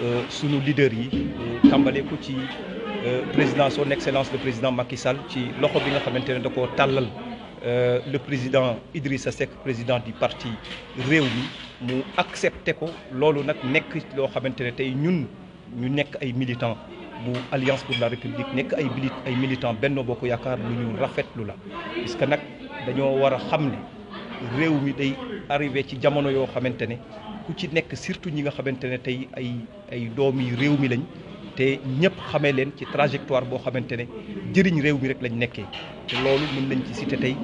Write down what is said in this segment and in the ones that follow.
Euh, sunu leader yi euh, tàmbale ko ci euh, président son excellence le président Macky Sall ci loxo bi nga xamante ne da le président Idrissa Seck président du parti Réuni, nous mu accepté ko loolu nag nekk loo xamante ne tey ñun ñu nekk ay militants bu alliance pour la république nekk ay ay militants Benno Bokk Yaakaar lu ñu rafetlu la parce que nag dañoo war a réew mi day arrivé ci jamono yoo xamante ne ku ci nekk surtout ñi nga xamante ne tey ay ay doomi réew mi lañ te ñëpp xamee leen ci trajectoire boo xamante ne jëriñ réew mi rek lañ nekkee te loolu mën nañ ci cité tey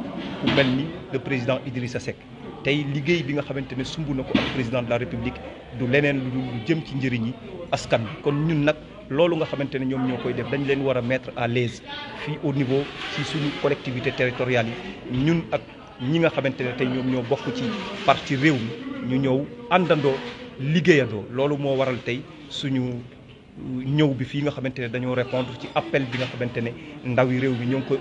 ku mel ni le président Idrissa Seck tey liggéey bi nga xamante ne sumb na ko ak président de la république du leneen lu lu jëm ci njëriñi askan kon ñun nag loolu nga xamante ne ñoom ñoo koy def dañ leen war a mettre à l'aise fii au niveau ci suñu collectivité territoriale yi ñun ak nous nga xamantene tay ñoo ci parti réew mi ñu ñew andando liggéeyandoo loolu moo waral tay suñu ñëw bi fii nga répondre ci appel bi nga xamante ne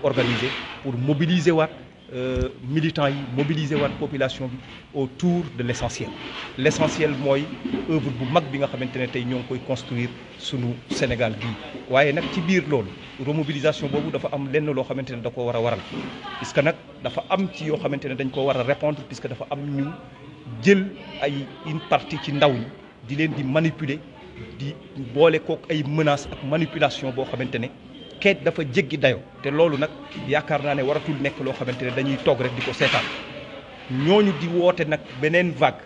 organiser pour mobiliser waat euh, militants mobiliser waat population bi autour de l'essentiel l'essentiel moi œuvre bu mag bi nga xamante ne tey ñoo ngi koy construire sunu Sénégal bii waaye nag ci biir remobilisation beaucoup dafa am lenn loo xamante ne da ko waral puisque nak dafa am ci yoo xamante ne dañ ko répondre puisque dafa am ñu jël ay une partie ci ndaw ñi di leen di manipuler di boole kook ay menaces ak manipulation beaucoup xamante xeet dafa jéggi dayo té loolu nak yaakaar naa ne waratul nek lo xamanténi dañuy toog rek diko sétal ñoñu di woté nak benen vague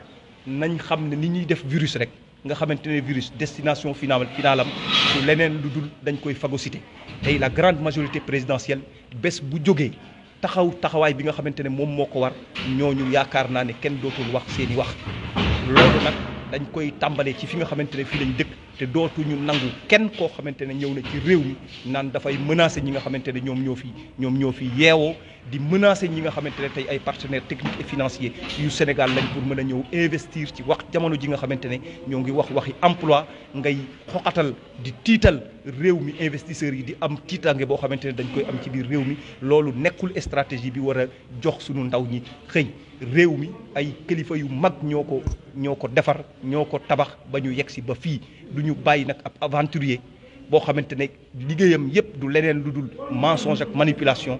nañ xamné ni ñi def virus rek nga xamanténi virus destination finale finalam su lenen lu dul dañ koy phagocyté tey la grande majorité présidentielle bés bu joggé taxaw taxaway bi nga xamanténi mom moko war ñoñu yaakaar naa ne kenn dotul wax seeni wax loolu nak dañ koy tambalé ci fi nga xamanténi fi lañ dëkk te ñu nangu kenn koo xamante ne ñëw na ci réew mi naan dafay menacer ñi nga xamante ne ñoom ñoo fi ñoom ñoo fi yeewoo di menacer ñi nga xamante ne tey ay partenaires techniques et financiers yu Sénégal lañ pour mën a ñëw investir ci wax jamono ji nga xamante ne ñoo ngi wax waxi emploi ngay xoqatal di tiital réwmi investisseur investisseurs yi di am titangé bo xamanténi ne dañ koy am ci biir réwmi lolu stratégie bi wara jox suñu ndaw ñi xey réwmi ay kalifa yu mag ñoko ñoko défar ñoko tabax bañu ba fi duñu bayyi nak ab aventurier bo xamanténi ligéyam yépp du lénen luddul mensonge ak manipulation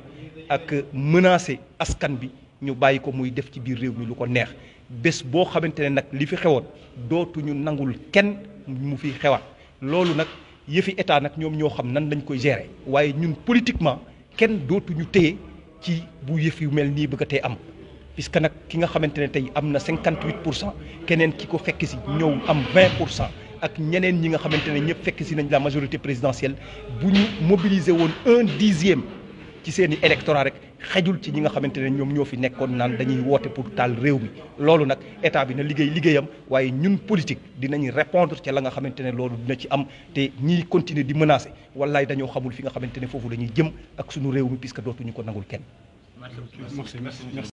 ak menacer askan bi ñu bàyyi ko muy def ci biir réwmi mi lu ko neex bés bo xamanténi nak li fi nangul kenn mu fi xewat lolu nak yëfi état nak ñom ñoo xam nan lañ koy gérer waye ñun politiquement dootu ñu téye ci bu yëf yu mel ni bëgg a am puisque nak ki nga xamantene tay tey am na 58 pour keneen ki ko fekk ci ñew am 20 ak ñeneen ñi nga xamantene ne ñëpp fekk ci nañ la majorité présidentielle bu ñu mobiliser won 1 dixième ci seen i électorat rek xejul ci ñi nga xamante ne ñoom ñoo fi nekkoon naan dañuy woote pour taal réew mi loolu nag état bi na liggéey liggéeyam waaye ñun politique dinañu répondre ci la nga xamante ne loolu dina ci am te ñiy continuer di menacer wallaay dañoo xamul fi nga xamante ne foofu lañuy jëm ak suñu réew mi puisque dootuñu ko nangul kenn.